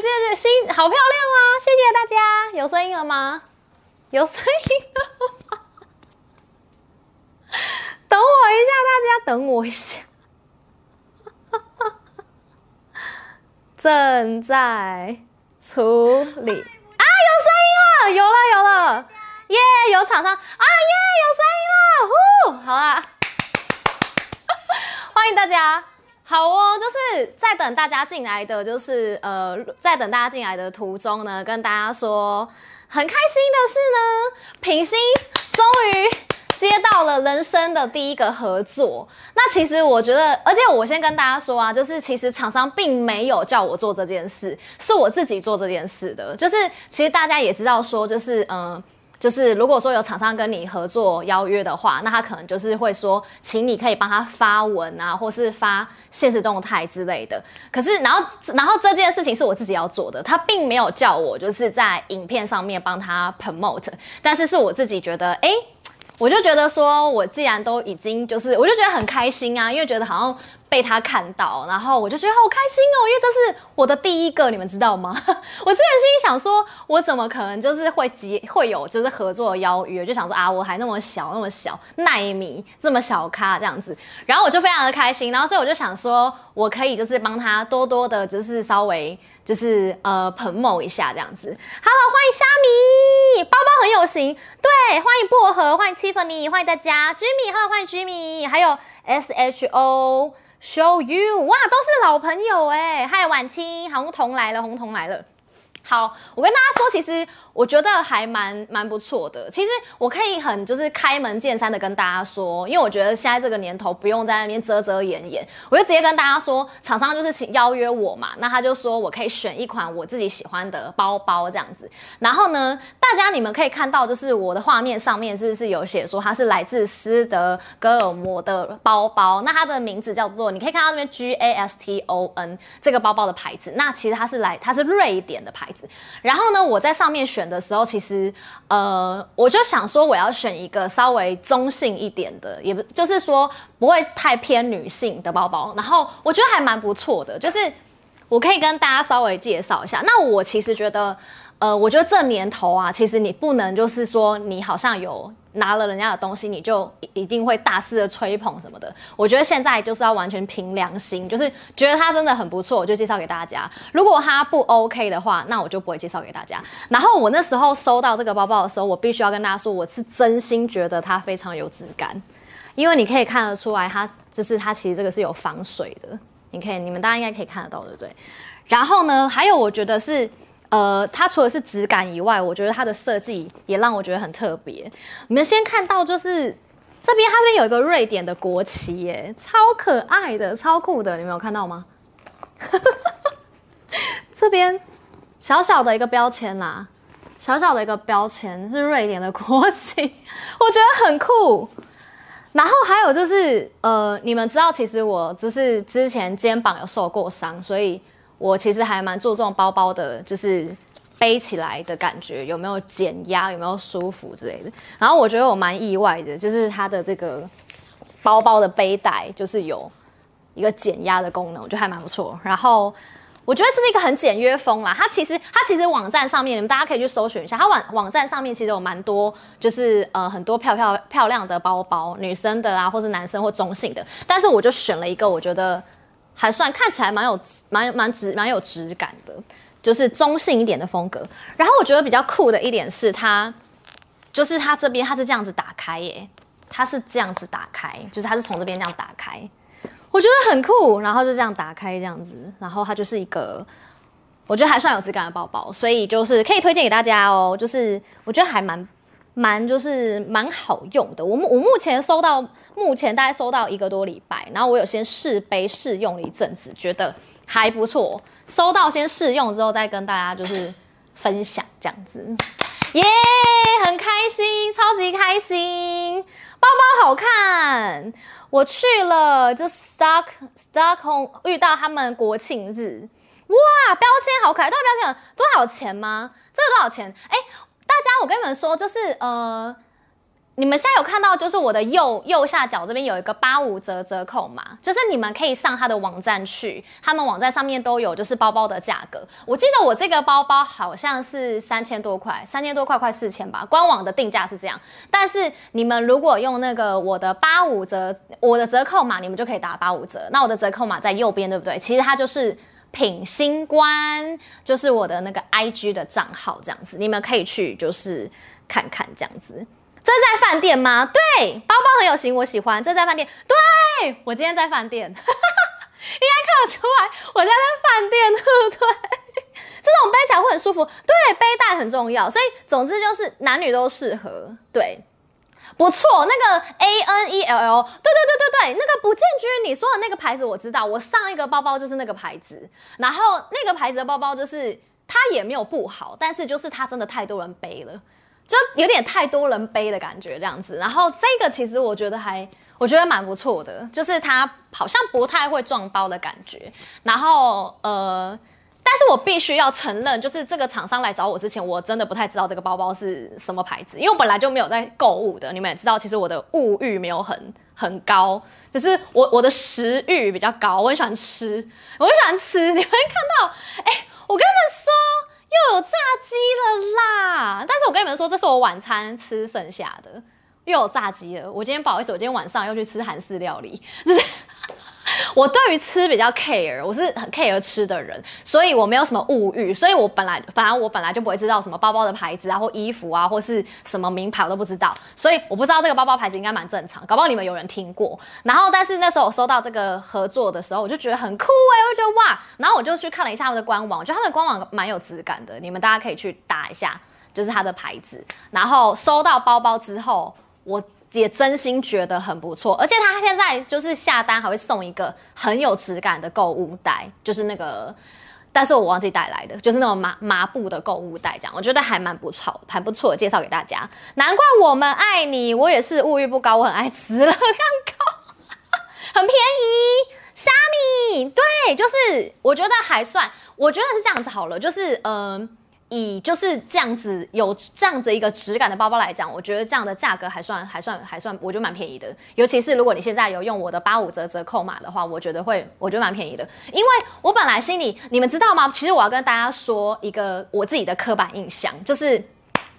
這是新，好漂亮啊！謝謝大家，有聲音了嗎？有聲音了 等，等我一下，大家等我一下，正在處理 Hi, just... 啊！有聲音了，有了 just... 有了，耶！Just... Yeah, 有廠商 just... 啊，耶、yeah！有聲音了，呼，好啦， 歡迎大家。好哦，就是在等大家進來的，就是呃，在等大家進來的途中呢，跟大家說很開心的是呢。品心終於接到了人生的第一個合作。那其實我覺得，而且我先跟大家說啊，就是其實廠商並沒有叫我做這件事，是我自己做這件事的。就是其實大家也知道說，就是嗯。呃就是如果說有廠商跟你合作邀約的話，那他可能就是會說，請你可以幫他發文啊，或是發限時動態之類的。可是然後然後這件事情是我自己要做的，他並沒有叫我就是在影片上面幫他 promote，但是是我自己覺得哎。欸我就覺得說，我既然都已經就是，我就覺得很開心啊，因為覺得好像被他看到，然後我就覺得好開心哦、喔，因為這是我的第一個，你們知道嗎？ 我之前心裡想說，我怎麼可能就是會結接會有就是合作的邀約，就想說啊，我還那麼小那麼小，奈米這麼小咖這樣子，然後我就非常的開心，然後所以我就想說，我可以就是幫他多多的，就是稍微。就是呃、，彭某一下這樣子。哈嘍，歡迎蝦米，包包很有型。對，歡迎薄荷，歡迎 Tiffany，歡迎大家，Jimmy。哈囉，歡迎 Jimmy，還有 S H O Show You，哇，都是老朋友哎、欸。嗨，i 婉清，紅彤來了，紅彤來了。好，我跟大家說，其實我覺得還蠻蠻不錯的。其實我可以很就是開門見山的跟大家說，因為我覺得現在這個年頭不用在那邊遮遮掩掩，我就直接跟大家說，廠商就是請邀約我嘛，那他就說我可以選一款我自己喜歡的包包這樣子。然後呢，大家你們可以看到，就是我的畫面上面是不是有寫說它是來自斯德哥爾摩的包包？那它的名字叫做，你可以看到這邊 Gaston 這個包包的牌子。那其實它是來，它是瑞典的牌子。然後呢，我在上面選的時候，其實，呃，我就想說我要選一個稍微中性一點的，也不就是說不會太偏女性的包包。然後我覺得還蠻不錯的，就是我可以跟大家稍微介紹一下。那我其實覺得。呃，我覺得這年頭啊，其實你不能就是說你好像有拿了人家的東西，你就一定會大肆的吹捧什麼的。我覺得現在就是要完全憑良心，就是覺得它真的很不錯，我就介紹給大家。如果它不 OK 的話，那我就不會介紹給大家。然後我那時候收到這個包包的時候，我必須要跟大家說，我是真心覺得它非常有質感，因為你可以看得出來它，它就是它其實這個是有防水的。你可以你們大家應該可以看得到，對不對？然後呢，還有我覺得是。呃，它除了是質感以外，我覺得它的設計也讓我覺得很特別。我們先看到就是這邊，它這邊有一個瑞典的國旗耶、欸，超可愛的，超酷的，你們有看到嗎？ 這邊小小的一個標籤啦，小小的一個標籤、啊、是瑞典的國旗，我覺得很酷。然後還有就是，呃，你們知道，其實我就是之前肩膀有受過傷，所以。我其實還蠻注重包包的，就是背起來的感覺有沒有減壓，有沒有舒服之類的。然後我覺得我蠻意外的，就是它的這個包包的背帶就是有一個減壓的功能，我覺得還蠻不錯。然後我覺得這是一個很簡約風啦。它其實它其實網站上面你們大家可以去搜尋一下，它網網站上面其實有蠻多，就是呃很多漂漂漂亮的包包，女生的啦，或是男生或中性的。但是我就選了一個，我覺得。還算看起來蠻有蠻有蠻質蠻有質感的，就是中性一點的風格。然後我覺得比較酷的一點是它，就是它這邊它是這樣子打開耶，它是這樣子打開，就是它是從這邊這樣打開，我覺得很酷。然後就這樣打開這樣子，然後它就是一個我覺得還算有質感的包包，所以就是可以推薦給大家哦。就是我覺得還蠻。蠻就是蠻好用的，我目我目前收到，目前大概收到一個多禮拜，然後我有先試背試用了一陣子，覺得還不錯。收到先試用之後再跟大家就是分享這樣子，耶、 yeah,，很開心，超級開心，包包好看。我去了就 Stock Stockholm 遇到他們國慶日，哇，標籤好可愛，到底、啊、標籤多少錢嗎？這個多少錢？欸大家，我跟你們說，就是呃，你們現在有看到，就是我的右右下角這邊有一個八五折折扣碼。就是你們可以上他的網站去，他們網站上面都有，就是包包的價格。我記得我這個包包好像是三千多塊，三千多塊快四千吧，官網的定價是這樣。但是你們如果用那個我的八五折，我的折扣碼，你們就可以打八五折。那我的折扣碼在右邊，對不對？其實它就是。品心官就是我的那個 I G 的賬號，這樣子你們可以去就是看看這樣子。這是在飯店嗎？對，包包很有型，我喜歡。這在飯店。對我今天在飯店， 應該看得出來，我現在在飯店。對，這種背起來會很舒服，對，背帶很重要，所以總之就是男女都適合，對。不錯，那個 A N E L L，對對對對對，那個不見居你說的那個牌子我知道，我上一個包包就是那個牌子，然後那個牌子的包包就是它也沒有不好，但是就是它真的太多人背了，就有點太多人背的感覺這樣子。然後這個其實我覺得還，我覺得蠻不錯的，就是它好像不太會撞包的感覺。然後呃。但是我必須要承認，就是這個廠商來找我之前，我真的不太知道這個包包是什麼牌子，因為我本來就沒有在購物的。你們也知道，其實我的物欲沒有很很高，只是我我的食欲比較高，我很喜歡吃，我很喜歡吃。你們看到，哎，我跟你們說，又有炸雞了啦！但是我跟你們說，這是我晚餐吃剩下的，又有炸雞了。我今天不好意思，我今天晚上要去吃韓式料理，就是。 我對於吃比較 care，我是很 care 吃的人，所以我沒有什麼物欲，所以我本來反正我本來就不會知道什麼包包的牌子啊，或衣服啊，或是什麼名牌我都不知道，所以我不知道這個包包牌子應該蠻正常，搞不好你們有人聽過。然後，但是那時候我收到這個合作的時候，我就覺得很酷哎，我就覺得哇，然後我就去看了一下他們的官網，我覺得他們的官網蠻有質感的，你們大家可以去搭一下，就是它的牌子。然後收到包包之後，我。也真心覺得很不錯，而且他現在就是下單還會送一個很有質感的購物袋，就是那個，但是我忘記帶來的，就是那種麻麻布的購物袋，這樣我覺得還蠻不錯，還不錯的，介紹給大家。難怪我們愛你，我也是物欲不高，我很愛吃，了，這樣很便宜。蝦米，對，就是我覺得還算，我覺得是這樣子好了，就是嗯。呃以就是這樣子有這樣子一個質感的包包來講，我覺得這樣的價格還算還算還算，我覺得蠻便宜的。尤其是如果你現在有用我的八五折折扣碼的話，我覺得會我覺得蠻便宜的。因為我本來心裡，你們知道嗎？其實我要跟大家說一個我自己的刻板印象，就是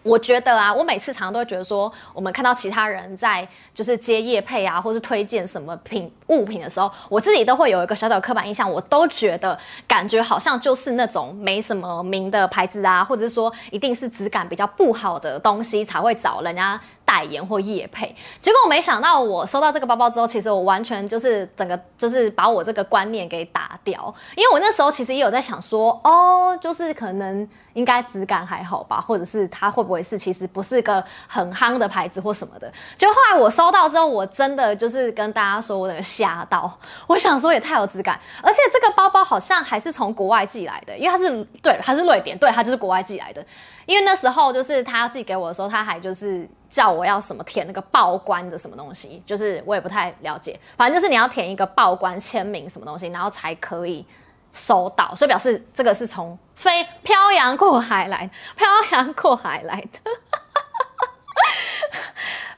我覺得啊，我每次常常都會覺得說，我們看到其他人在就是接業配啊，或是推薦什麼品。物品的時候，我自己都會有一個小小的刻板印象，我都覺得感覺好像就是那種沒什麼名的牌子啊，或者是說一定是質感比較不好的東西才會找人家代言或業配。結果我沒想到，我收到這個包包之後，其實我完全就是整個就是把我這個觀念給打掉。因為我那時候其實也有在想說，哦，就是可能應該質感還好吧，或者是它會不會是其實不是個很夯的牌子或什麼的？就後來我收到之後，我真的就是跟大家說我那個。夾到，我想說也太有質感，而且這個包包好像還是從國外寄來的，因為它是，對，它是瑞典，對，它就是國外寄來的，因為那時候就是他寄給我的時候，他還就是叫我要什麼填那個報關的什麼東西，就是我也不太了解，反正就是你要填一個報關簽名什麼東西，然後才可以收到，所以表示這個是從飛漂洋過海來，漂洋過海來的。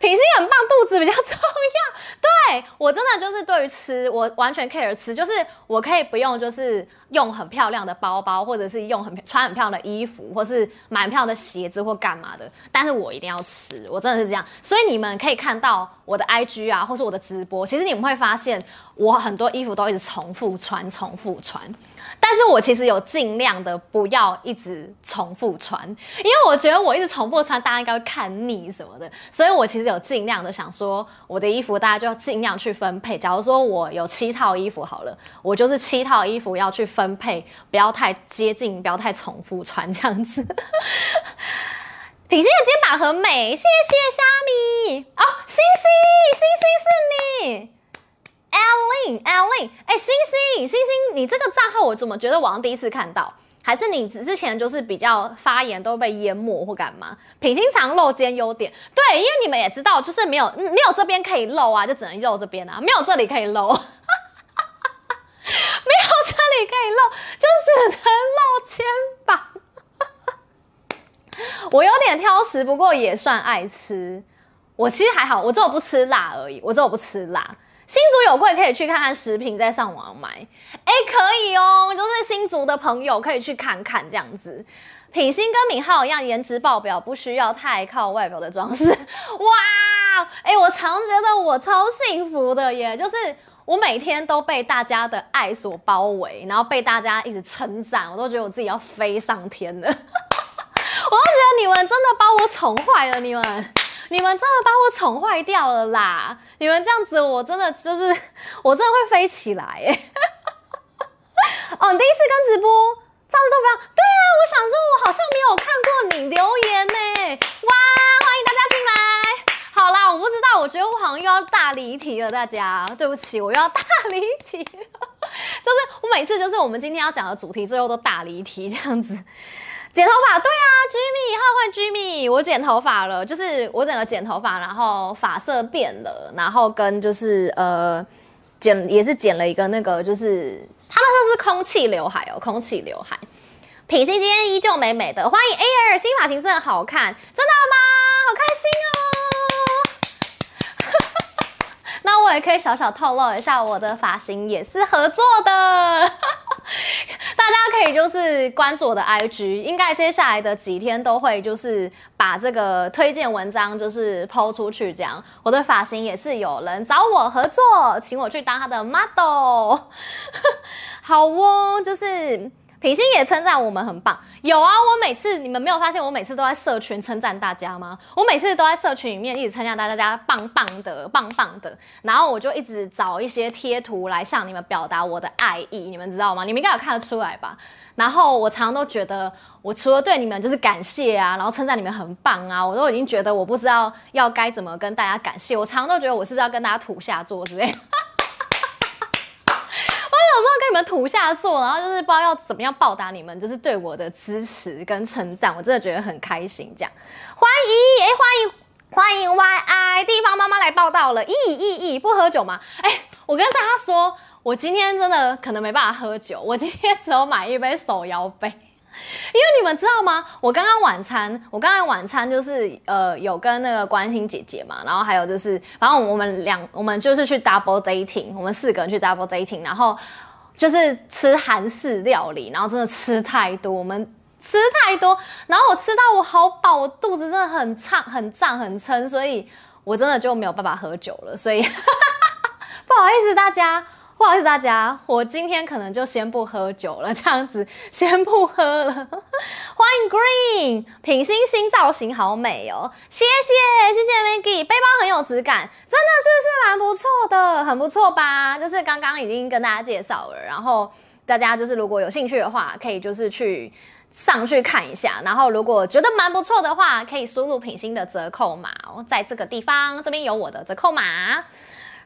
品性很棒，肚子比較重要。對，我真的就是對於吃，我完全 care 吃，就是我可以不用就是用很漂亮的包包，或者是用很穿很漂亮的衣服，或是買很漂亮的鞋子或幹嘛的，但是我一定要吃，我真的是這樣。所以你們可以看到我的 IG 啊，或是我的直播，其實你們會發現我很多衣服都一直重複穿，重複穿。但是我其實有盡量的不要一直重複穿，因為我覺得我一直重複穿，大家應該會看膩什麼的。所以我其實有盡量的想說，我的衣服大家就要盡量去分配。假如說我有七套衣服好了，我就是七套衣服要去分配，不要太接近，不要太重複穿這樣子。 品心的肩膀很美，謝謝蝦米哦，星星，星星是你。Ellin，Ellin 哎，星星、星星，你這個賬號我怎麼覺得網上第一次看到？還是你之前就是比較發言都被淹沒或幹嘛？品心常露肩優點，對，因為你們也知道，就是沒有沒有這邊可以露啊，就只能露這邊啊，沒有這裡可以露， 沒有這裡可以露，就只能露肩膀。 我有點挑食，不過也算愛吃。我其實還好，我只有不吃辣而已，我只有不吃辣。新竹有櫃可以去看看實品再上網買，誒、欸、可以哦，就是新竹的朋友可以去看看這樣子。品心跟敏浩一樣，顏值爆表，不需要太靠外表的裝飾。哇，誒、欸、我常覺得我超幸福的耶，就是我每天都被大家的愛所包圍，然後被大家一直稱讚，我都覺得我自己要飛上天了。 我都覺得你們真的把我寵壞了，你們。你們真的把我寵壞掉了啦！你們這樣子，我真的就是，我真的會飛起來耶！ 哦，你第一次跟直播，樣次都不要對啊，我想說，我好像沒有看過你留言呢。哇，歡迎大家進來！好啦，我不知道，我覺得我好像又要大離題了，大家，對不起，我又要大離題了。就是我每次，就是我們今天要講的主題，最後都大離題這樣子。剪頭髮，對啊，Jimmy，好歡迎 Jimmy，我剪頭髮了，就是我整個剪頭髮，然後髮色變了，然後跟就是呃，剪也是剪了一個那個，就是他們說是空氣劉海哦、喔，空氣劉海，品心今天依舊美美的，歡迎 Air，新髮型真的好看，真的嗎？好開心哦、喔。 那我也可以小小透露一下，我的髮型也是合作的， 大家可以就是關注我的 IG，應該接下來的幾天都會就是把這個推薦文章就是 po 出去，這樣我的髮型也是有人找我合作，請我去當他的 model， 好哦，就是。品心也稱讚我們很棒，有啊，我每次你們沒有發現我每次都在社群稱讚大家嗎？我每次都在社群裡面一直稱讚大家棒棒的，棒棒的，然後我就一直找一些貼圖來向你們表達我的愛意，你們知道嗎？你們應該有看得出來吧？然後我常常都覺得，我除了對你們就是感謝啊，然後稱讚你們很棒啊，我都已經覺得我不知道要該怎麼跟大家感謝，我常常都覺得我是不是要跟大家土下座之類。有時候跟你們土下座，然後就是不知道要怎麼樣報答你們，就是對我的支持跟稱讚，我真的覺得很開心。這樣，歡迎，欸、歡迎，歡迎 YI 地方媽媽來報到了。咦咦咦，不喝酒嗎？哎、欸，我跟大家說，我今天真的可能沒辦法喝酒，我今天只有買一杯手搖杯。因為你們知道嗎？我剛剛晚餐，我剛剛晚餐就是呃，有跟那個關心姐姐嘛，然後還有就是，反正我們兩，我們就是去 double dating，我們四個人去 double dating，然後就是吃韓式料理，然後真的吃太多，我們吃太多，然後我吃到我好飽，我肚子真的很脹、很脹、很撐，所以我真的就沒有辦法喝酒了，所以 不好意思大家。不好意思，大家，我今天可能就先不喝酒了，這樣子先不喝了。 歡迎 Green 品心新造型好美哦，喔，謝謝謝謝 Maggie，背包很有質感，真的是是蠻不錯的，很不錯吧？就是剛剛已經跟大家介紹了，然後大家就是如果有興趣的話，可以就是去上去看一下，然後如果覺得蠻不錯的話，可以輸入品心的折扣碼哦，在這個地方，這邊有我的折扣碼。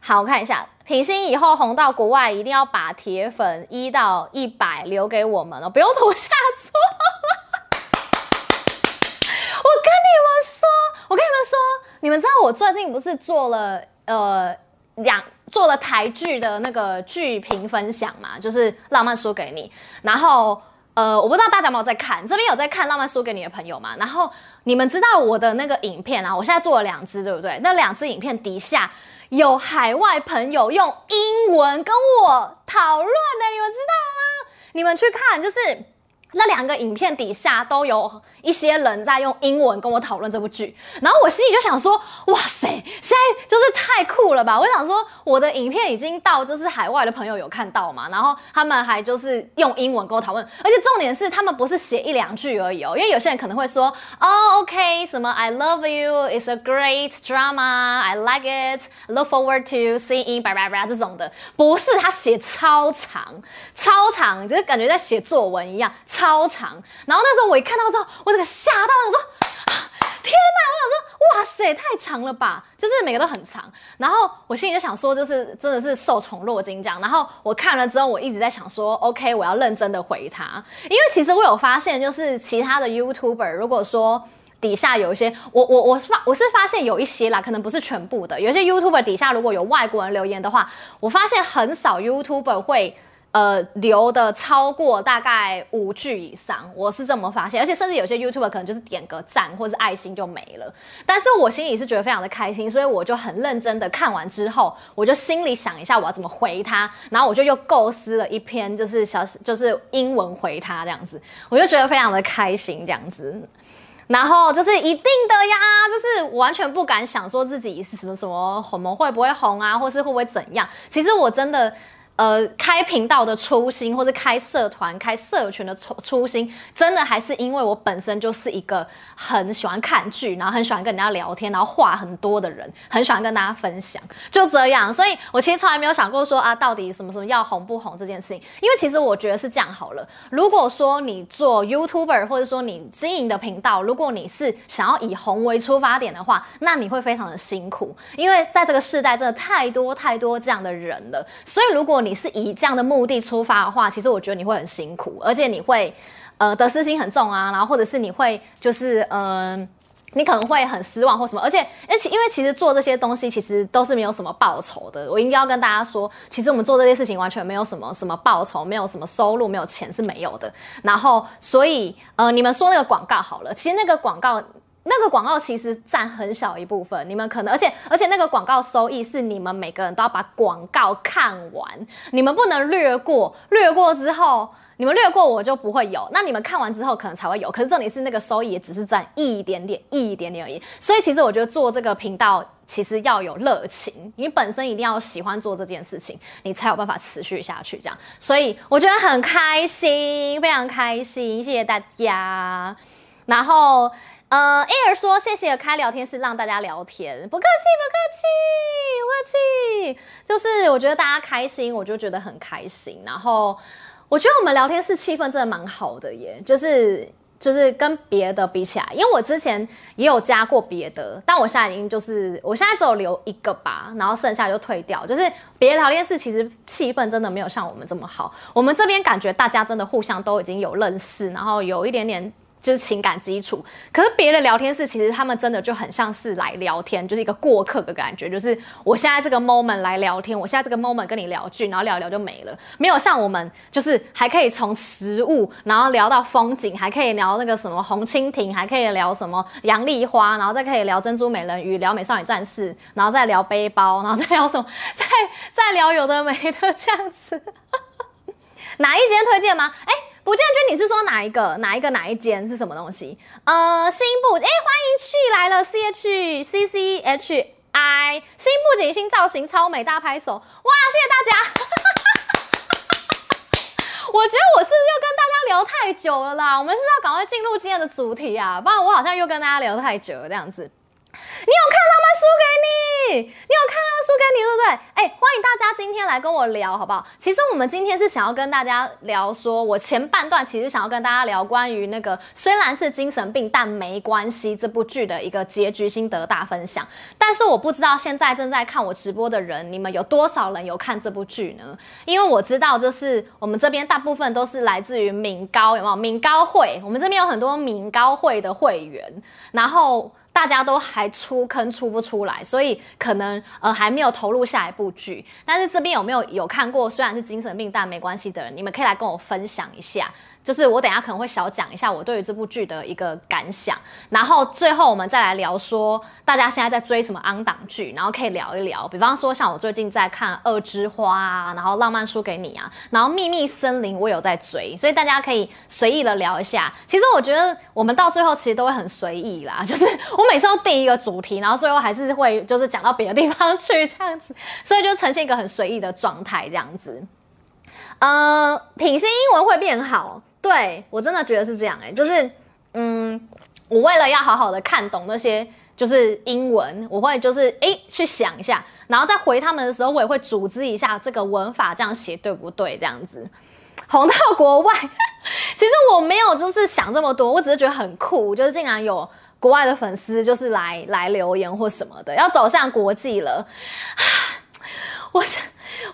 好，我看一下，品心以後紅到國外，一定要把鐵粉一到一百留給我們了，不用脫下座。 我跟你們說，我跟你們說，你們知道我最近不是做了呃兩做了台劇的那個劇評分享嘛，就是浪漫輸給你。然後呃，我不知道大家有沒有在看，這邊有在看浪漫輸給你的朋友嘛？然後你們知道我的那個影片啊，我現在做了兩支，對不對？那兩支影片底下。有海外朋友用英文跟我討論欸，你們知道嗎？你們去看，就是那兩個影片底下都有，一些人在用英文跟我討論這部劇，然後我心裡就想說，哇塞，現在就是太酷了吧！我想說，我的影片已經到，就是海外的朋友有看到嘛，然後他們還就是用英文跟我討論，而且重點是他們不是寫一兩句而已哦，因為有些人可能會說，哦，OK，什麼 I love you，it's a great drama，I like it，look forward to seeing，bye bye bye 這種的，不是他寫超長，超長，就是感覺在寫作文一樣，超長。然後那時候我一看到之後，我。這個嚇到我想說，天吶！我想說，哇塞，太長了吧？就是每個都很長。然後我心裡就想說，就是真的是受寵若驚這樣。然後我看了之後，我一直在想說，OK，我要認真的回他，因為其實我有發現，就是其他的 YouTuber，如果說底下有一些，我我我發我是發現有一些啦，可能不是全部的，有一些 YouTuber 底下如果有外國人留言的話，我發現很少 YouTuber 會。呃，留的超過大概五句以上，我是這麼發現，而且甚至有些 YouTuber 可能就是點個讚或是愛心就沒了。但是我心裡是覺得非常的開心，所以我就很認真的看完之後，我就心裡想一下我要怎麼回他，然後我就又構思了一篇就是小就是英文回他這樣子，我就覺得非常的開心這樣子。然後就是一定的呀，就是完全不敢想說自己是什麼什麼紅會不會紅啊，或是會不會怎樣。其實我真的。呃，開頻道的初心，或者開社團、開社群的初初心，真的還是因為我本身就是一個很喜歡看劇，然後很喜歡跟人家聊天，然後話很多的人，很喜歡跟大家分享，就這樣。所以我其實從來沒有想過說啊，到底什麼什麼要紅不紅這件事情。因為其實我覺得是這樣好了，如果說你做 YouTuber，或者說你經營的頻道，如果你是想要以紅為出發點的話，那你會非常的辛苦，因為在這個世代真的太多太多這樣的人了。所以如果你你是以這樣的目的出發的話，其實我覺得你會很辛苦，而且你會，呃，得失心很重啊，然後或者是你會就是嗯、呃，你可能會很失望或什麼，而且而且因為其實做這些東西其實都是沒有什麼報酬的，我應該要跟大家說，其實我們做這些事情完全沒有什麼什麼報酬，沒有什麼收入，沒有錢是沒有的。然後所以呃，你們說那個廣告，好了，其實那個廣告。那個廣告其實占很小一部分，你們可能，而且而且那個廣告收益，是你們每個人都要把廣告看完，你們不能略過，略過之後你們略過我就不會有，那你們看完之後可能才會有。可是這裡是那個收益也只是占一點點、一點點而已。所以其實我覺得做這個頻道其實要有熱情，你本身一定要喜歡做這件事情，你才有辦法持續下去這樣。所以我覺得很開心，非常開心，謝謝大家，然後。呃，Air 說謝謝開聊天室讓大家聊天，不客氣不客氣，不客氣。就是我覺得大家開心，我就覺得很開心。然後我覺得我們聊天室氣氛真的蠻好的耶，也就是就是跟別的比起來，因為我之前也有加過別的，但我現在已經就是我現在只有留一個吧，然後剩下就退掉。就是別的聊天室其實氣氛真的沒有像我們這麼好，我們這邊感覺大家真的互相都已經有認識，然後有一點點。就是情感基礎，可是別的聊天室其實他們真的就很像是來聊天，就是一個過客的感覺。就是我現在這個 moment 來聊天，我現在這個 moment 跟你聊句，然後聊一聊就沒了，沒有像我們，就是還可以從食物，然後聊到風景，還可以聊那個什麼紅蜻蜓，還可以聊什麼楊麗花，然後再可以聊珍珠美人魚，聊美少女戰士，然後再聊背包，然後再聊什麼，再再聊有的沒的這樣子。 哪一間推薦嗎？誒、欸。不建軍，你是說哪一個？哪一個？哪一間？是什麼東西？呃，新布誒、欸，歡迎去來了，C H C C H I，新布景，新造型，超美大拍手！哇，謝謝大家！ 我覺得我是不是又跟大家聊太久了啦，我們是要趕快進入今天的主題啊，不然我好像又跟大家聊太久了這樣子。你有看到嗎？輸給你，你有看到嗎？輸給你，對不對？誒、欸，歡迎大家今天來跟我聊，好不好？其實我們今天是想要跟大家聊說，說我前半段其實想要跟大家聊關於那個雖然是精神病但沒關係這部劇的一個結局心得大分享。但是我不知道現在正在看我直播的人，你們有多少人有看這部劇呢？因為我知道，就是我們這邊大部分都是來自於敏高，有沒有？敏高會，我們這邊有很多敏高會的會員，然後。大家都還出坑出不出來，所以可能呃、嗯、還沒有投入下一部劇。但是這邊有沒有有看過，雖然是精神病，但沒關係的人，你們可以來跟我分享一下。就是我等一下可能會小講一下我對於這部劇的一個感想，然後最後我們再來聊說大家現在在追什麼 on 檔劇，然後可以聊一聊，比方說像我最近在看《惡之花》，啊，然後《浪漫輸給你》啊，然後《秘密森林》我有在追，所以大家可以隨意的聊一下。其實我覺得我們到最後其實都會很隨意啦，就是我每次都定一個主題，然後最後還是會就是講到別的地方去這樣子，所以就呈現一個很隨意的狀態這樣子。嗯、呃，品心英文會變好。對，我真的覺得是這樣哎、欸，就是嗯，我為了要好好的看懂那些就是英文，我會就是哎、欸，去想一下，然後再回他們的時候，我也會組織一下這個文法，這樣寫對不對？這樣子紅到國外，其實我沒有就是想這麼多，我只是覺得很酷，就是竟然有國外的粉絲就是來來留言或什麼的，要走向國際了。我想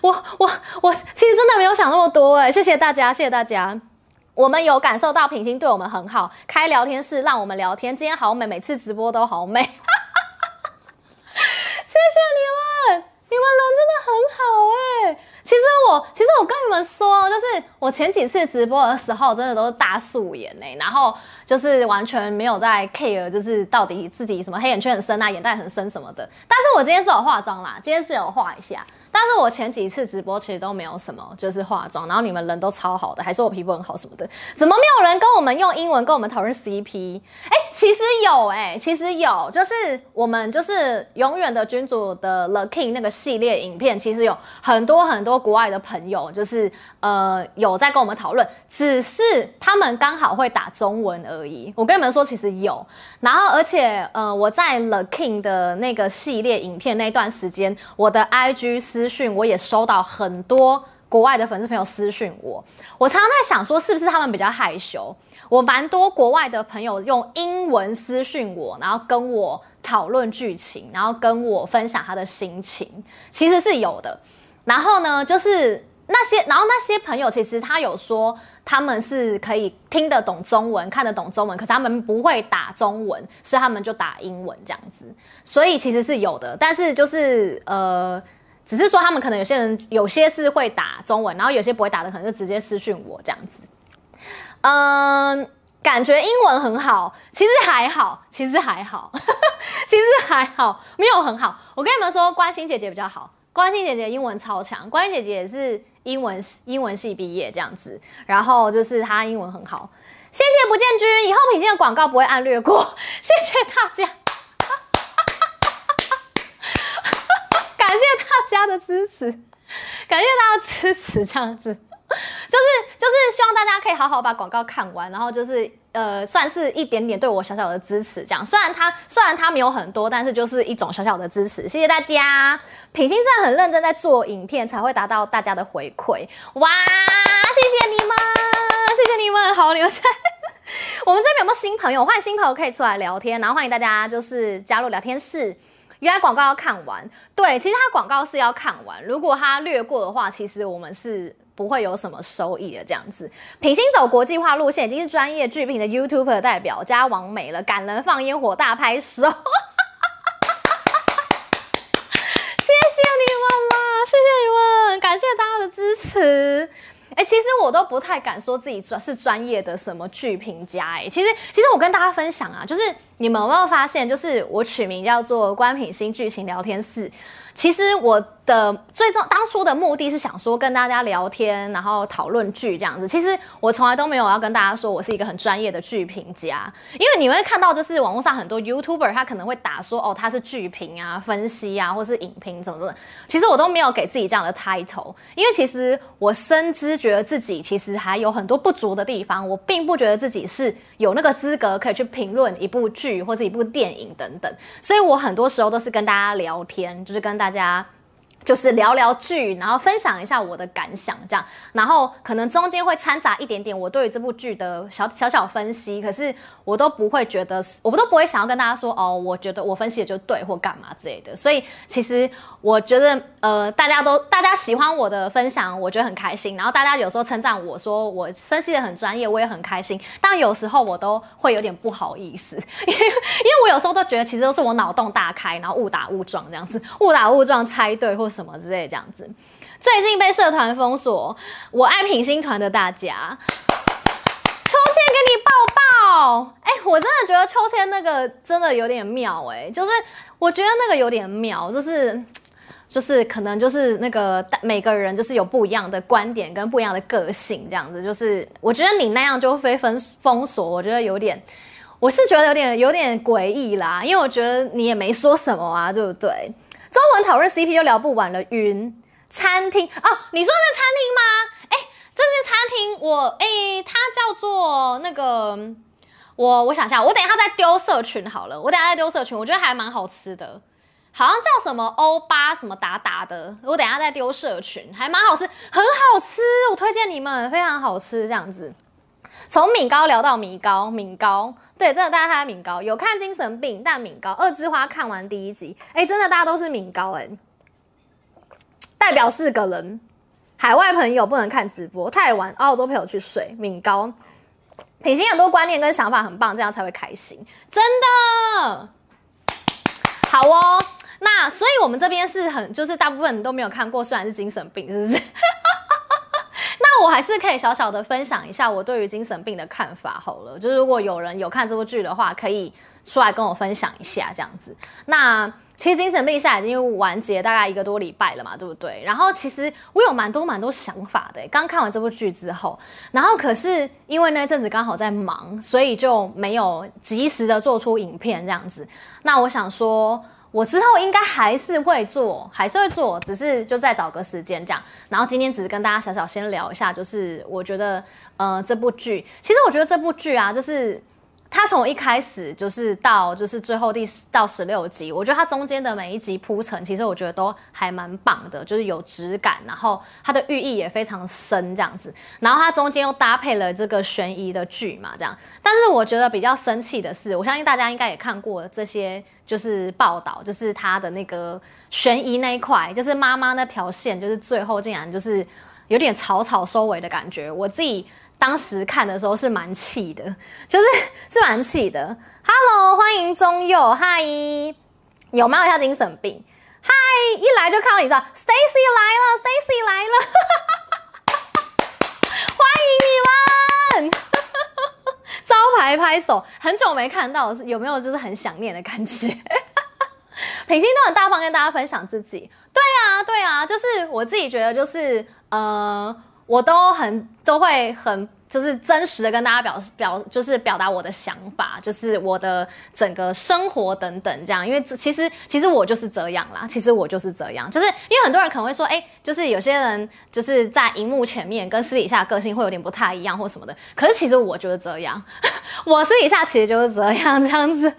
我我我其實真的沒有想那麼多哎、欸，謝謝大家，謝謝大家。我們有感受到品心對我們很好，開聊天室讓我們聊天。今天好美，每次直播都好美，哈哈哈哈，謝謝你們，你們人真的很好哎、欸。其實我，其實我跟你們說，就是我前幾次直播的時候，真的都是大素顏、欸，然後。就是完全沒有在 care，就是到底自己什麼黑眼圈很深啊，眼袋很深什麼的。但是我今天是有化妝啦，今天是有化一下。但是我前幾次直播其實都沒有什麼，就是化妝。然後你們人都超好的，還說我皮膚很好什麼的，怎麼沒有人跟我們用英文跟我們討論 CP？哎、欸，其實有哎、欸，其實有，就是我們就是永遠的君主的 Lucky 那個系列影片，其實有很多很多國外的朋友，就是呃有在跟我們討論，只是他們剛好會打中文而已。我跟你們說，其實有，然後而且，呃，我在 The King 的那個系列影片那段時間，我的 IG 私訊我也收到很多國外的粉絲朋友私訊我，我常常在想說，是不是他們比較害羞？我蠻多國外的朋友用英文私訊我，然後跟我討論劇情，然後跟我分享他的心情，其實是有的。然後呢，就是。那些，然後那些朋友，其實他有說，他們是可以聽得懂中文，看得懂中文，可是他們不會打中文，所以他們就打英文這樣子。所以其實是有的，但是就是呃，只是說他們可能有些人有些是會打中文，然後有些不會打的，可能就直接私訊我這樣子。嗯、呃，感覺英文很好，其實還好，其實還好，呵呵其實還好，沒有很好。我跟你們說，關心姐姐比較好。關心姐姐英文超強，關心姐姐也是英文英文系畢業這樣子，然後就是她英文很好。謝謝不見君，以後品心的廣告不會按略過。謝謝大家，哈哈哈哈哈哈，感謝大家的支持，感謝大家的支持這樣子，就是就是希望大家可以好好把廣告看完，然後就是。呃，算是一點點對我小小的支持，這樣。雖然他雖然他沒有很多，但是就是一種小小的支持。謝謝大家，品心算很認真在做影片，才會達到大家的回饋。哇， 謝謝你們， 謝謝你們，好牛仔。你們下 我們這邊有沒有新朋友？歡迎新朋友可以出來聊天，然後歡迎大家就是加入聊天室。原來廣告要看完，對，其實他廣告是要看完，如果他略過的話，其實我們是。不會有什麼收益的，這樣子。品心走國際化路線，已經是專業劇評的 YouTuber 代表加王美了，感人放煙火大拍手。 謝謝你們啦，謝謝你們，感謝大家的支持。哎、 欸，其實我都不太敢說自己是專是專業的什麼劇評家哎、欸。其實，其實我跟大家分享啊，就是你們有沒有發現，就是我取名叫做“官品心劇情聊天室”，其實我。的最終當初的目的是想說跟大家聊天，然後討論劇這樣子。其實我從來都沒有要跟大家說我是一個很專業的劇評家，因為你會看到就是網絡上很多 YouTuber 他可能會打說哦他是劇評啊、分析啊，或是影評怎麼怎麼。其實我都沒有給自己這樣的 title，因為其實我深知覺得自己其實還有很多不足的地方，我並不覺得自己是有那個資格可以去評論一部劇或是一部電影等等。所以我很多時候都是跟大家聊天，就是跟大家。就是聊聊劇，然後分享一下我的感想，這樣，然後可能中間會摻雜一點點我對於這部劇的小小小分析，可是我都不會覺得，我不都不會想要跟大家說哦，我覺得我分析的就對或幹嘛之類的。所以其實我覺得，呃，大家都大家喜歡我的分享，我覺得很開心。然後大家有時候稱讚我說我分析的很專業，我也很開心。但有時候我都會有點不好意思，因為因為我有時候都覺得其實都是我腦洞大開，然後誤打誤撞這樣子，誤打誤撞猜對或。什麼之類這樣子，最近被社團封鎖，我愛品心團的大家，秋 天給你抱抱。哎、欸，我真的覺得秋千那個真的有點妙哎、欸，就是我覺得那個有點妙，就是就是可能就是那個每個人就是有不一樣的觀點跟不一樣的個性這樣子，就是我覺得你那樣就非分封封鎖，我覺得有點，我是覺得有點有點詭異啦，因為我覺得你也沒說什麼啊，對不對？中文討論 CP 就聊不完了，雲餐廳哦，你說是餐廳嗎？哎、欸，這是餐廳，我哎、欸，它叫做那個，我我想一下，我等一下再丟社群好了，我等一下再丟社群，我覺得還蠻好吃的，好像叫什麼歐巴什麼達達的，我等一下再丟社群，還蠻好吃，很好吃，我推薦你們，非常好吃，這樣子，從米糕聊到米糕，米糕。對，真的大家他是閩高，有看精神病，但敏高。二枝花看完第一集，哎、欸，真的大家都是敏高、欸，哎，代表四個人，海外朋友不能看直播太晚，澳洲朋友去睡，敏高，品行很多觀念跟想法很棒，這樣才會開心，真的，好哦，那所以我們這邊是很，就是大部分人都沒有看過，雖然是精神病，是不是？我還是可以小小的分享一下我對於精神病的看法好了，就是如果有人有看這部劇的話，可以出來跟我分享一下這樣子。那其實精神病現在已經完結大概一個多禮拜了嘛，對不對？然後其實我有蠻多蠻多想法的、欸，剛看完這部劇之後，然後可是因為那陣子剛好在忙，所以就沒有及時的做出影片這樣子。那我想說。我之後應該還是會做，還是會做，只是就再找個時間這樣。然後今天只是跟大家小小先聊一下，就是我覺得，呃，這部劇，其實我覺得這部劇啊，就是它從一開始就是到就是最後第十到十六集，我覺得它中間的每一集鋪陳，其實我覺得都還蠻棒的，就是有質感，然後它的寓意也非常深，這樣子。然後它中間又搭配了這個懸疑的劇嘛，這樣。但是我覺得比較生氣的是，我相信大家應該也看過這些。就是報道，就是他的那個懸疑那一塊，就是媽媽那條線，就是最後竟然就是有點草草收尾的感覺。我自己當時看的時候是蠻氣的，就是是蠻氣的。Hello，歡迎中佑，Hi，有沒有一下精神病？Hi，一來就看到你說 Stacy 來了，Stacy 來了。 拍，拍手，很久沒看到，是有沒有就是很想念的感覺？ 品心都很大方，跟大家分享自己。對啊，對啊，就是我自己覺得，就是呃，我都很都會很。就是真實的跟大家表示表，就是表達我的想法，就是我的整個生活等等這樣。因為這其實其實我就是這樣啦，其實我就是這樣，就是因為很多人可能會說，哎、欸，就是有些人就是在熒幕前面跟私底下的個性會有點不太一樣或什麼的。可是其實我就是這樣，呵呵我私底下其實就是這樣這樣子。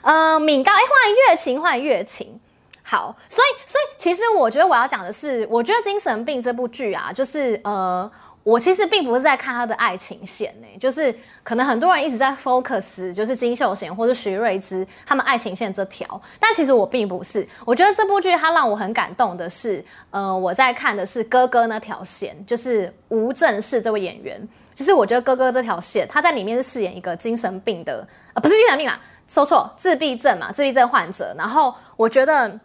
嗯，敏、呃、高，換、欸、月琴，換月琴。好，所以所以其實我覺得我要講的是，我覺得精神病這部劇啊，就是呃。我其實並不是在看他的愛情線、欸、就是可能很多人一直在 focus，就是金秀賢或者徐瑞芝他們愛情線這條，但其實我並不是。我覺得這部劇它讓我很感動的是，呃，我在看的是哥哥那條線，就是吳正世這位演員。其實我覺得哥哥這條線，他在裡面是飾演一個精神病的，啊、呃、不是精神病啊，說錯，自閉症嘛，自閉症患者。然後我覺得。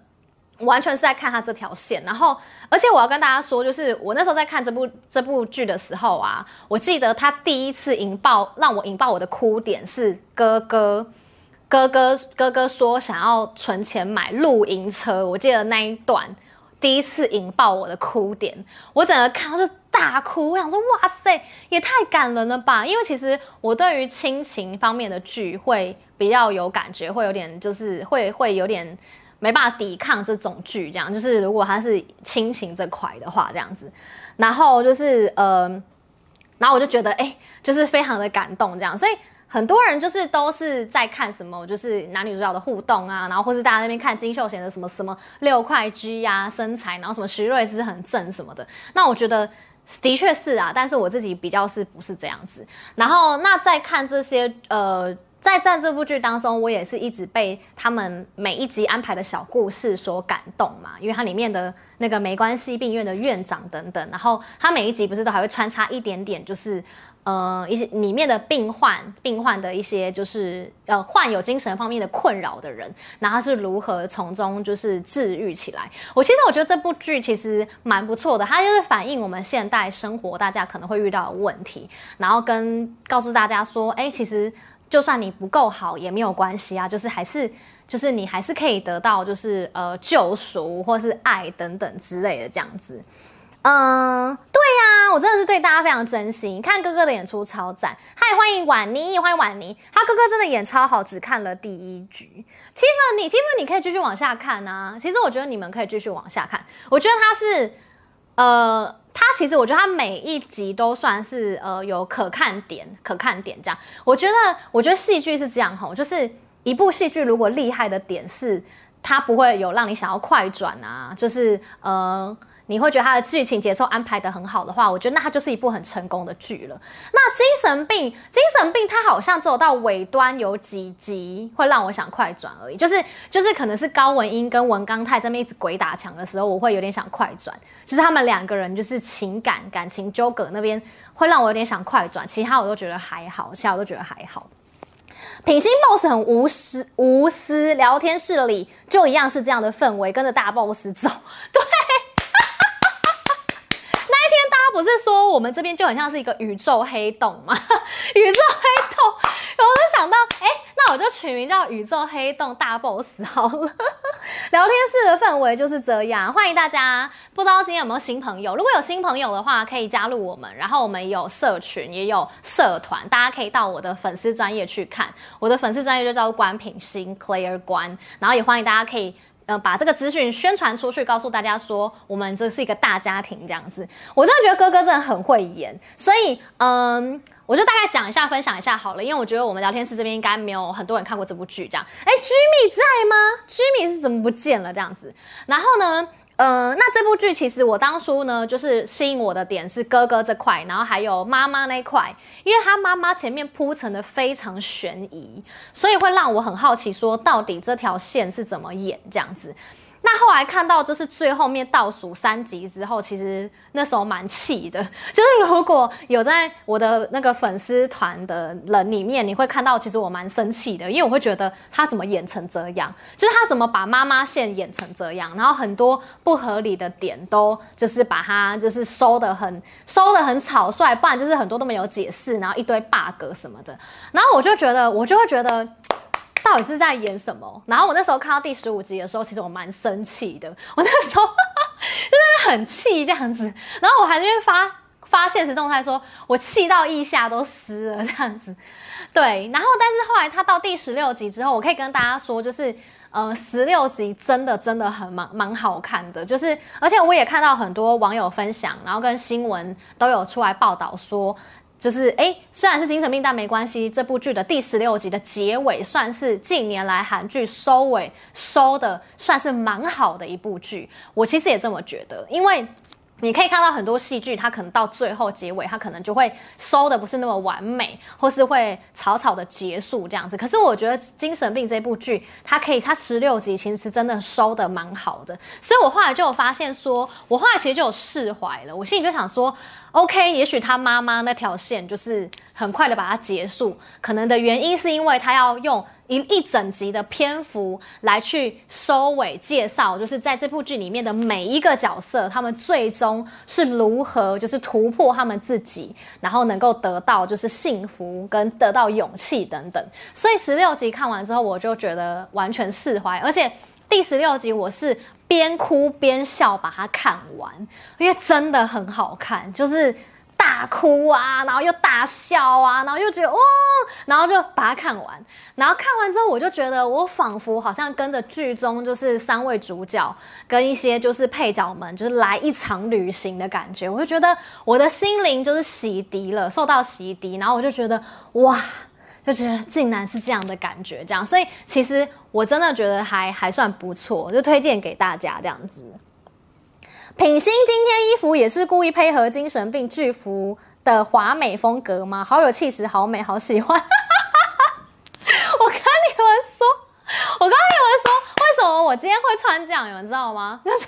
完全是在看他這條線，然後，而且我要跟大家說，就是我那時候在看這部這部劇的時候啊，我記得他第一次引爆讓我引爆我的哭點是哥哥哥哥，哥哥哥哥哥說想要存錢買露營車，我記得那一段第一次引爆我的哭點，我整個看他就大哭，我想說哇塞也太感人了吧，因為其實我對於親情方面的劇會比較有感覺，會有點就是會會有點。沒辦法抵抗這種劇，這樣就是如果他是親情這塊的話，這樣子，然後就是呃，然後我就覺得哎、欸，就是非常的感動這樣，所以很多人就是都是在看什麼，就是男女主角的互動啊，然後或是大家那邊看金秀賢的什麼什麼六塊肌呀、身材，然後什麼徐睿知很正什麼的，那我覺得的確是啊，但是我自己比較是不是這樣子，然後那再看這些呃。在在這部劇當中，我也是一直被他們每一集安排的小故事所感動嘛，因為它裡面的那個沒關係病院的院長等等，然後它每一集不是都還會穿插一點點，就是呃一些裡面的病患、病患的一些就是呃患有精神方面的困擾的人，然後是如何從中就是治癒起來。我其實我覺得這部劇其實蠻不錯的，它就是反映我們現代生活大家可能會遇到的問題，然後跟告訴大家說，哎、欸，其實。就算你不夠好也沒有關係啊，就是還是就是你還是可以得到就是呃救贖或是愛等等之類的這樣子。嗯、呃，對呀、啊，我真的是對大家非常真心。看哥哥的演出超贊，嗨，歡迎婉妮，歡迎婉妮，他哥哥真的演超好，只看了第一局。Tiffany，Tiffany，你 Tiffany，可以繼續往下看啊。其實我覺得你們可以繼續往下看，我覺得他是。呃，它其實我覺得它每一集都算是呃有可看點、可看點這樣。我覺得，我覺得戲劇是這樣吼，就是一部戲劇如果厲害的點是，它不會有讓你想要快轉啊，就是呃。你會覺得他的劇情節奏安排得很好的話，我覺得那它就是一部很成功的劇了。那精神病精神病它好像走到尾端有幾集會讓我想快轉而已。就是就是，可能是高文英跟文剛泰這麼一直鬼打牆的時候，我會有點想快轉。其實他們兩個人就是情感感情糾葛那邊會讓我有點想快轉。其他我都覺得還好，其他我都覺得還好。品心 boss 很無私無私，聊天室裡就一樣是這樣的氛圍，跟着大 boss 走，對。不是說我們這邊就很像是一個宇宙黑洞嗎？ 宇宙黑洞，然後就想到，哎、欸，那我就取名叫宇宙黑洞大 boss 好了。 聊天室的氛圍就是這樣，歡迎大家。不知道今天有沒有新朋友，如果有新朋友的話，可以加入我們。然後我們有社群，也有社團，大家可以到我的粉絲專頁去看。我的粉絲專頁就叫官品心 Clear 官，然後也歡迎大家可以。嗯、呃，把這個資訊宣傳出去，告訴大家說我們這是一個大家庭這樣子。我真的覺得哥哥真的很會演，所以嗯，我就大概講一下，分享一下好了。因為我覺得我們聊天室這邊應該沒有很多人看過這部劇這樣。哎、欸，Jimmy 在嗎？Jimmy 是怎麼不見了這樣子？然後呢？嗯、呃，那這部劇其實我當初呢，就是吸引我的點是哥哥這塊，然後還有媽媽那塊，因為他媽媽前面鋪陳的非常懸疑，所以會讓我很好奇，說到底這條線是怎麼演這樣子。那後來看到就是最後面倒數三集之後，其實那時候蠻氣的。就是如果有在我的那個粉絲團的人裡面，你會看到其實我蠻生氣的，因為我會覺得他怎麼演成這樣，就是他怎麼把媽媽線演成這樣，然後很多不合理的點都就是把他就是收得很，收得很草率，不然就是很多都沒有解釋，然後一堆 bug 什麼的。然後我就覺得，我就會覺得。到底是在演什麼？然後我那時候看到第十五集的時候，其實我蠻生氣的。我那時候真的 是很氣這樣子，然後我還因為發發現實動態說，我氣到腋下都濕了這樣子。對，然後但是後來他到第十六集之後，我可以跟大家說，就是嗯，十六集真的真的很蠻蠻好看的。就是而且我也看到很多網友分享，然後跟新聞都有出來報道說。就是誒、欸，雖然是精神病，但沒關係。這部劇的第十六集的結尾，算是近年來韓劇收尾收的算是蠻好的一部劇。我其實也這麼覺得，因為你可以看到很多戲劇，它可能到最後結尾，它可能就會收的不是那麼完美，或是會草草的結束這樣子。可是我覺得《精神病》這部劇，它可以它十六集其實是真的收的蠻好的，所以我後來就有發現說，說我後來其實就有釋懷了，我心裡就想說。OK，也許他媽媽那條線就是很快的把它結束，可能的原因是因為他要用一一整集的篇幅來去收尾介紹，就是在這部劇裡面的每一個角色，他們最終是如何就是突破他們自己，然後能夠得到就是幸福跟得到勇氣等等。所以十六集看完之後，我就覺得完全釋懷，而且第十六集我是。邊哭邊笑，把它看完，因為真的很好看，就是大哭啊，然後又大笑啊，然後又覺得哇、哦，然後就把它看完，然後看完之後，我就覺得我仿佛好像跟着劇中就是三位主角跟一些就是配角們，就是來一場旅行的感覺，我就覺得我的心靈就是洗滌了，受到洗滌，然後我就覺得哇。就覺得竟然是這樣的感覺，這樣，所以其實我真的覺得還還算不錯，就推薦給大家這樣子。品心，今天衣服也是故意配合精神病劇服的華美風格嗎？好有氣勢，好美，好喜歡。 我跟你們說，我跟你們說為什麼我今天會穿這樣，你們知道嗎？就是。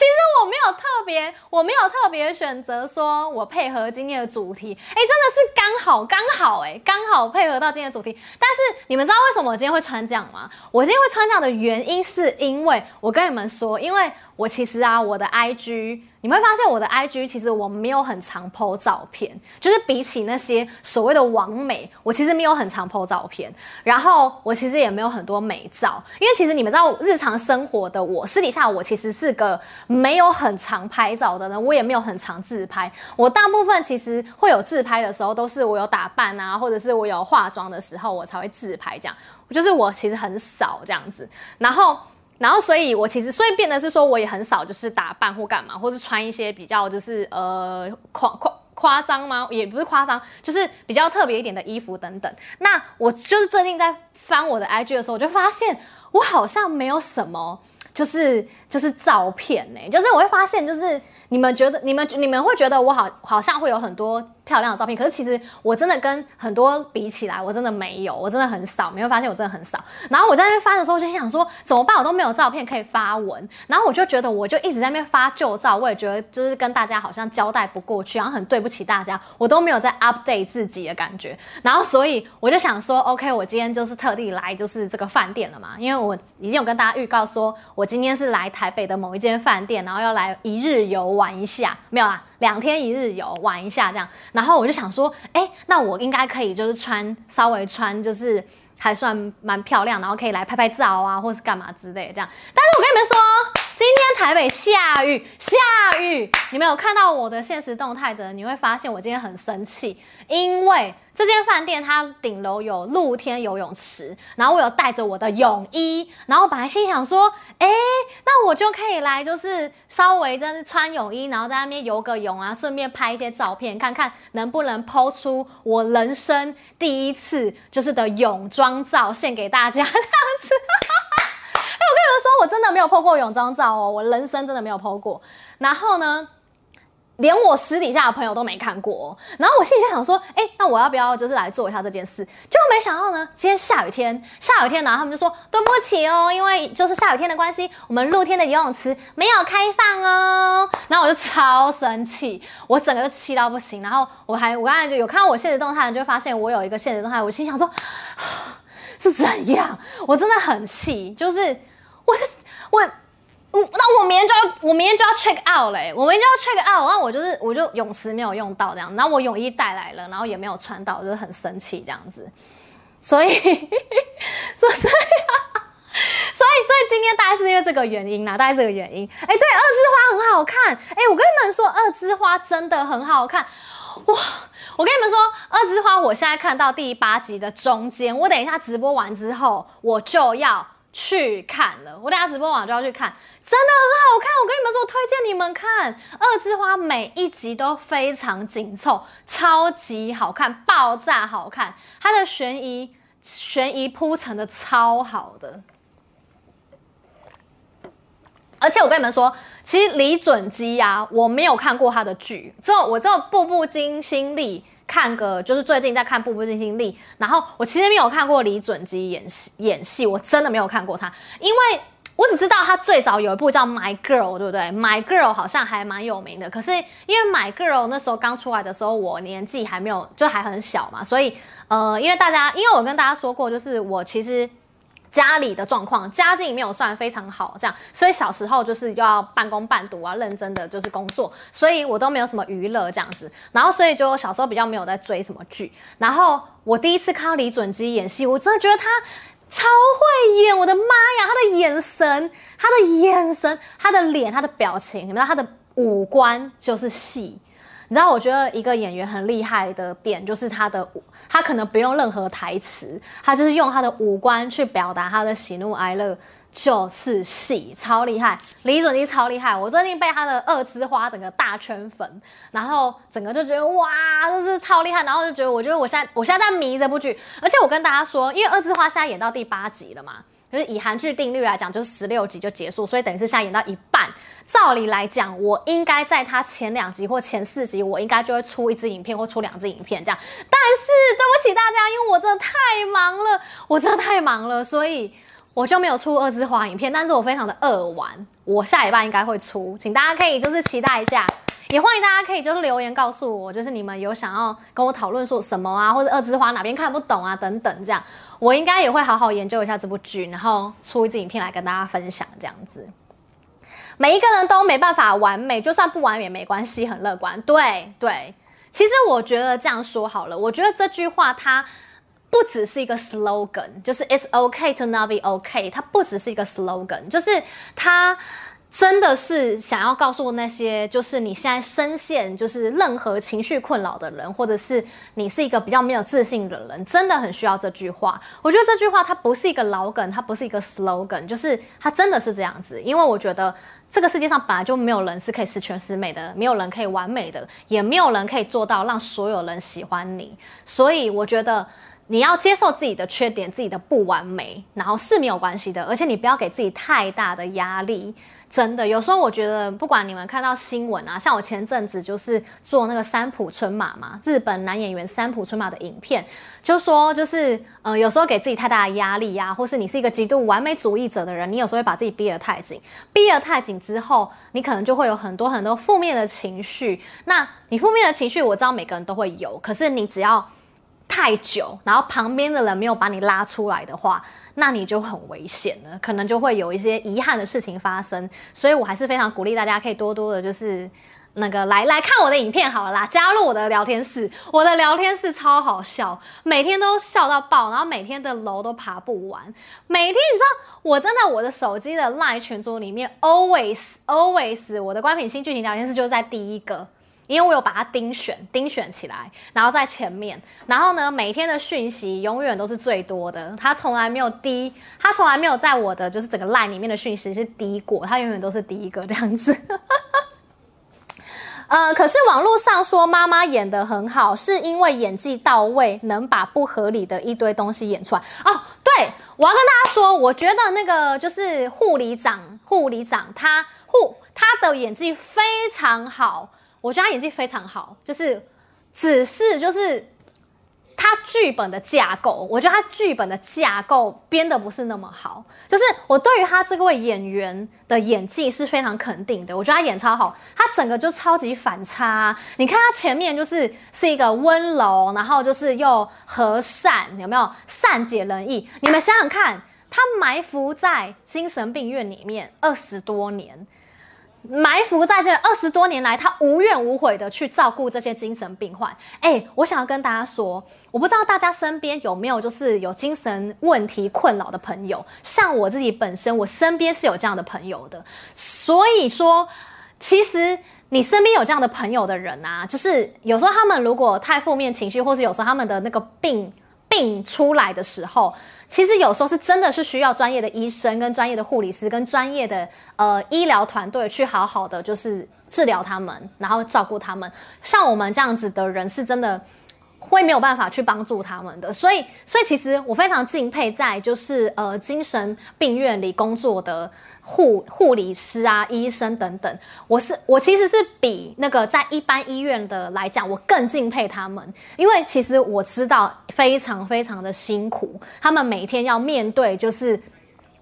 其實我沒有特別，我沒有特別選擇說，我配合今天的主題，欸，真的是剛好剛好，欸，剛好配合到今天的主題。但是你們知道為什麼我今天會穿這樣嗎？我今天會穿這樣的原因，是因為我跟你們說，因為我其實啊，我的 IG。你們會發現我的 IG 其實我沒有很常 po 照片，就是比起那些所謂的網美，我其實沒有很常 po 照片，然後我其實也沒有很多美照，因為其實你們知道日常生活的我，私底下我其實是個沒有很常拍照的人，我也沒有很常自拍，我大部分其實會有自拍的時候，都是我有打扮啊，或者是我有化妝的時候，我才會自拍，這樣，就是我其實很少這樣子，然後。然後，所以我其實，所以變得是說，我也很少就是打扮或幹嘛，或是穿一些比較就是呃誇誇誇張嗎？也不是誇張，就是比較特別一點的衣服等等。那我就是最近在翻我的 IG 的時候，我就發現我好像沒有什麼就是就是照片呢，欸，就是我會發現就是。你們覺得，你們你們會覺得我好好像會有很多漂亮的照片，可是其實我真的跟很多比起來，我真的沒有，我真的很少，你們會發現我真的很少。然後我在那邊發的時候，就想說怎麼辦，我都沒有照片可以發文。然後我就覺得我就一直在那邊發舊照，我也覺得就是跟大家好像交代不過去，然後很對不起大家，我都沒有在 update 自己的感覺。然後所以我就想說，OK，我今天就是特地來就是這個飯店了嘛，因為我已經有跟大家預告說，我今天是來台北的某一間飯店，然後要來一日遊。玩一下沒有啦，兩天一日遊玩一下這樣，然後我就想說，哎、欸，那我應該可以就是穿稍微穿就是還算蠻漂亮，然後可以來拍拍照啊，或是幹嘛之類的這樣。但是我跟你們說。 今天台北下雨下雨，你們有看到我的現實動態的人，你會發現我今天很生氣，因為這間飯店它頂樓有露天游泳池，然後我有帶着我的泳衣，然後我本來心想說，哎、欸，那我就可以來，就是稍微真穿泳衣，然後在那邊游個泳啊，順便拍一些照片，看看能不能 po 出我人生第一次就是的泳裝照，獻給大家這樣子。我跟你們說，我真的沒有 PO 過泳裝照哦，我人生真的沒有 PO 過。然後呢，連我私底下的朋友都沒看過、喔。然後我心裡就想說，哎、欸，那我要不要就是來做一下這件事？結果沒想到呢，今天下雨天，下雨天然後他們就說 對不起哦、喔，因為就是下雨天的關係，我們露天的游泳池沒有開放哦、喔。然後我就超生氣，我整個就氣到不行。然後我還，我剛才就有看到我限時動態，就發現我有一個限時動態，我心裡想說，是怎樣？我真的很氣，就是。我是我，我那我明天就要我明天就要 check out 了、欸。我明天就要 check out，那我就是我就泳池沒有用到這樣，然後我泳衣帶來了，然後也沒有穿到，我就是很生氣這樣子，所以 所以所以所以今天大概是因為這個原因啦，大概是這個原因。哎，對，惡之花很好看，哎，我跟你們說，惡之花真的很好看，哇！我跟你們說，惡之花，我現在看到第八集的中間，我等一下直播完之後，我就要。去看了，我等下直播完就要去看，真的很好看。我跟你們說，我推薦你們看《惡之花》，每一集都非常緊湊，超級好看，爆炸好看。它的懸疑懸疑鋪陳的超好的，而且我跟你們說，其實李準基啊，我沒有看過他的劇，這我這《步步驚心》裡。看個就是最近在看《步步驚心麗》，然後我其實沒有看過李准基演戲，演戲我真的沒有看過他，因為我只知道他最早有一部叫《My Girl》，對不對？《My Girl》好像還蠻有名的，可是因為《My Girl》那時候剛出來的時候，我年紀還沒有，就還很小嘛，所以呃，因為大家，因為我跟大家說過，就是我其實。家裡的狀況，家境沒有算非常好，這樣，所以小時候就是要半工半讀啊，認真的就是工作，所以我都沒有什麼娛樂這樣子，然後所以就小時候比較沒有在追什麼劇，然後我第一次看到李準基演戲，我真的覺得他超會演，我的媽呀，他的眼神，他的眼神，他的臉，他的表情，你們知道他的五官就是戲。你知道我覺得一個演員很厲害的點就是他的，他可能不用任何台詞，他就是用他的五官去表達他的喜怒哀樂，就是戲超厲害，李準基超厲害。我最近被他的《惡之花》整個大圈粉，然後整個就覺得哇，就是超厲害，然後就覺得我覺得我現在我現在在迷這部劇，而且我跟大家說，因為《惡之花》現在演到第八集了嘛。就是以韓劇定律來講，就是十六集就結束，所以等於是現在演到一半。照理來講，我應該在它前兩集或前四集，我應該就會出一支影片或出兩支影片這樣。但是對不起大家，因為我真的太忙了，我真的太忙了，所以我就沒有出《惡之花》影片。但是我非常的惡玩，我下一半應該會出，請大家可以就是期待一下，也歡迎大家可以就是留言告訴我，就是你們有想要跟我討論說什麼啊，或者《惡之花》哪邊看不懂啊等等這樣。我應該也會好好研究一下這部劇，然後出一支影片來跟大家分享這樣子。每一個人都沒辦法完美，就算不完美也沒關係，很樂觀。對對，其實我覺得這樣說好了，我覺得這句話它不只是一個 slogan，就是 It's okay to not be okay，它不只是一個 slogan，就是它。真的是想要告訴那些，就是你現在深陷就是任何情緒困擾的人，或者是你是一個比較沒有自信的人，真的很需要這句話。我覺得這句話它不是一個老梗，它不是一個 slogan，就是它真的是這樣子。因為我覺得這個世界上本來就沒有人是可以十全十美的，沒有人可以完美的，也沒有人可以做到讓所有人喜歡你。所以我覺得你要接受自己的缺點，自己的不完美，然後是沒有關係的。而且你不要給自己太大的壓力。真的，有時候我覺得，不管你們看到新聞啊，像我前陣子就是做那個三浦春馬嘛，日本男演員三浦春馬的影片，就說就是，嗯、呃，有時候給自己太大的壓力呀、啊，或是你是一個極度完美主義者的人，你有時候會把自己逼得太緊，逼得太緊之後，你可能就會有很多很多負面的情緒。那你負面的情緒，我知道每個人都會有，可是你只要太久，然後旁邊的人沒有把你拉出來的話。那你就很危險了，可能就會有一些遺憾的事情發生，所以我還是非常鼓勵大家可以多多的，就是那個來來看我的影片，好了啦，加入我的聊天室，我的聊天室超好笑，每天都笑到爆，然後每天的樓都爬不完，每天你知道，我真的我的手機的 LINE 群組裡面，always always 我的官品心劇情聊天室就是在第一個。因為我有把它釘選釘選起來，然後在前面，然後呢，每天的訊息永遠都是最多的，它從來沒有低，它從來沒有在我的就是整個 line 裡面的訊息是低過，它永遠都是第一個這樣子。 呃，可是網絡上說媽媽演得很好，是因為演技到位，能把不合理的一堆東西演出來。哦，對，我要跟大家說，我覺得那個就是護理長護理長他，他護他的演技非常好。我覺得他演技非常好，就是，只是就是，他劇本的架構，我覺得他劇本的架構編得不是那麼好，就是我對於他這個位演員的演技是非常肯定的，我覺得他演超好，他整個就超級反差，你看他前面就是是一個溫柔，然後就是又和善，有沒有善解人意？你們想想看，他埋伏在精神病院裡面二十多年。埋伏在這二十多年來，他無怨無悔的去照顧這些精神病患。哎、欸，我想要跟大家說，我不知道大家身邊有沒有就是有精神問題困擾的朋友。像我自己本身，我身邊是有這樣的朋友的。所以說，其實你身邊有這樣的朋友的人啊，就是有時候他們如果太負面情緒，或是有時候他們的那個病病出來的時候。其實有時候是真的是需要專業的醫生，跟專業的護理師，跟專業的呃醫療團隊去好好的就是治療他們，然後照顧他們。像我們這樣子的人是真的會沒有辦法去幫助他們的，所以所以其實我非常敬佩在就是呃精神病院裡工作的。護護理師啊，醫生等等，我是我其實是比那個在一般醫院的來講，我更敬佩他們，因為其實我知道非常非常的辛苦，他們每天要面對就是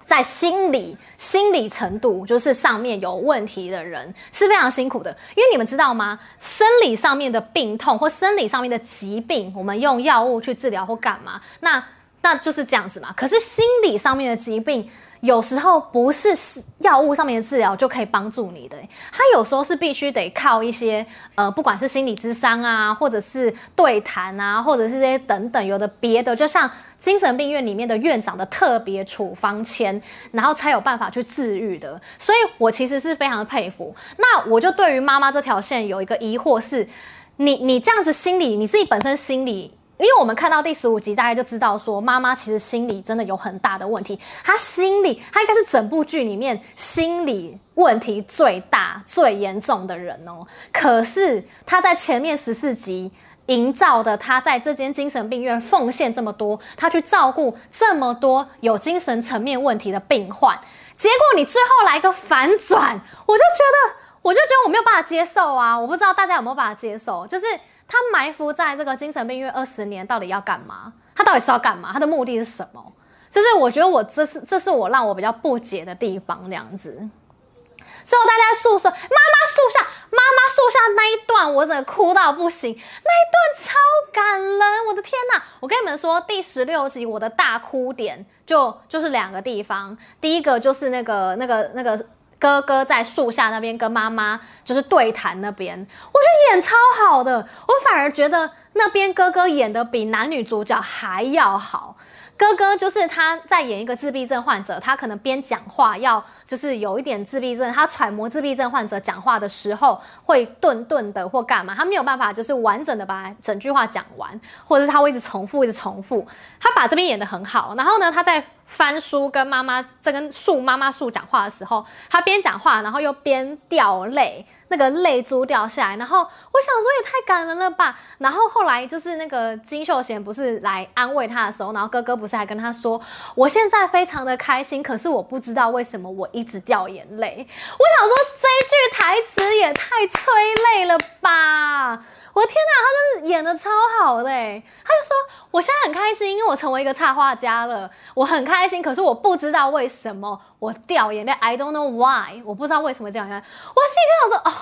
在心理心理程度就是上面有問題的人是非常辛苦的，因為你們知道嗎？生理上面的病痛或生理上面的疾病，我們用藥物去治療或幹嘛，那那就是這樣子嘛。可是心理上面的疾病。有時候不是是藥物上面的治療就可以幫助你的，欸，它有時候是必須得靠一些呃，不管是心理諮商啊，或者是對談啊，或者是這些等等，有的別的，就像精神病院裡面的院長的特別處方簽，然後才有辦法去治癒的。所以，我其實是非常的佩服。那我就對於媽媽這條線有一個疑惑是，你你這樣子心理你自己本身心理。因為我們看到第十五集，大家就知道說，媽媽其實心理真的有很大的問題。她心裡，她應該是整部劇裡面心理問題最大、最嚴重的人哦。可是她在前面十四集營造的，她在這間精神病院奉獻這麼多，她去照顧這麼多有精神層面問題的病患，結果你最後來個反轉，我就覺得，我就覺得我沒有辦法接受啊！我不知道大家有沒有辦法接受，就是。他埋伏在這個精神病院二十年，到底要幹嘛？他到底是要幹嘛？他的目的是什麼？就是我覺得我這是這是我讓我比較不解的地方，這樣子。最後大家訴說媽媽樹下，媽媽樹下那一段，我真的哭到不行，那一段超感人，我的天哪！我跟你們說，第十六集我的大哭點就就是兩個地方，第一個就是那個那個那個。那個哥哥在樹下那邊跟媽媽就是對談那邊，我覺得演超好的。我反而覺得那邊哥哥演得比男女主角還要好。哥哥就是他在演一個自閉症患者，他可能邊講話要就是有一點自閉症，他揣摩自閉症患者講話的時候會頓頓的或幹嘛，他沒有辦法就是完整的把整句話講完，或者是他會一直重複一直重複。他把這邊演得很好，然後呢，他在。翻書跟媽媽在跟樹媽媽樹講話的時候，他邊講話然後又邊掉淚，那個淚珠掉下來。然後我想說也太感人了吧。然後後來就是那個金秀賢不是來安慰他的時候，然後哥哥不是還跟他說：“我現在非常的開心，可是我不知道為什麼我一直掉眼淚。”我想說這一句台詞也太催淚了吧。我天吶，他真是演得超好的欸！他就說：“我現在很開心，因為我成為一個插畫家了，我很開心。可是我不知道為什麼我掉眼淚，I don't know why，我不知道為什麼這樣。我心裡就想說：哦，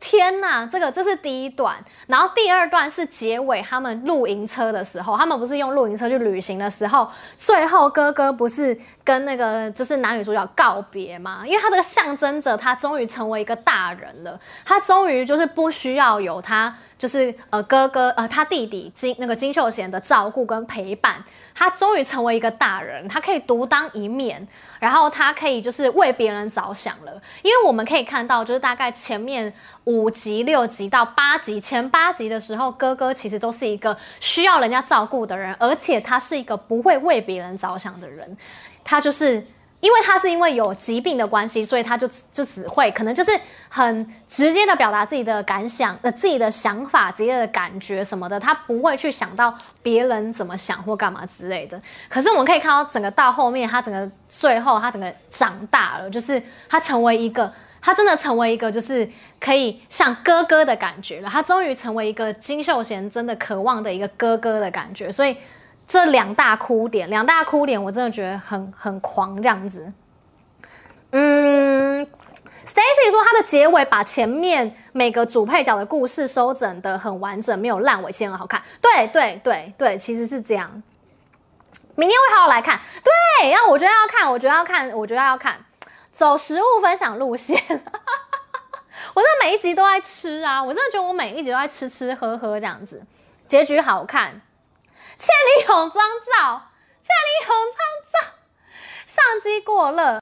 天吶，這個這是第一段。然後第二段是結尾，他們露營車的時候，他們不是用露營車去旅行的時候，最後哥哥不是跟那個就是男女主角告別嗎？因為他這個象徵着他終於成為一個大人了，他終於就是不需要有他。”就是呃，哥哥呃，他弟弟金那個金秀賢的照顧跟陪伴，他終於成為一個大人，他可以獨當一面，然後他可以就是為別人着想了。因為我們可以看到，就是大概前面五集、六集到八集、前八集的時候，哥哥其實都是一個需要人家照顧的人，而且他是一個不會為別人着想的人，他就是。因為他是因為有疾病的關係，所以他就就只會可能就是很直接的表達自己的感想，呃自己的想法、自己的感覺什麼的，他不會去想到別人怎麼想或幹嘛之類的。可是我們可以看到，整個到後面，他整個最後，他整個長大了，就是他成為一個，他真的成為一個，就是可以像哥哥的感覺了。他終於成為一個金秀賢真的渴望的一個哥哥的感覺，所以。這兩大哭點，兩大哭點，我真的覺得很很狂這樣子。嗯，Stacy 說他的結尾把前面每個主配角的故事收整得很完整，沒有爛尾，先很好看。對對對對，其實是這樣。明天會好好來看。對，然後我覺得要看，我覺得要看，我覺得要看，走食物分享路線。 我真的每一集都在吃啊，我真的覺得我每一集都在吃吃喝喝這樣子，結局好看。倩女紅妝照，倩女紅妝照，相機過熱。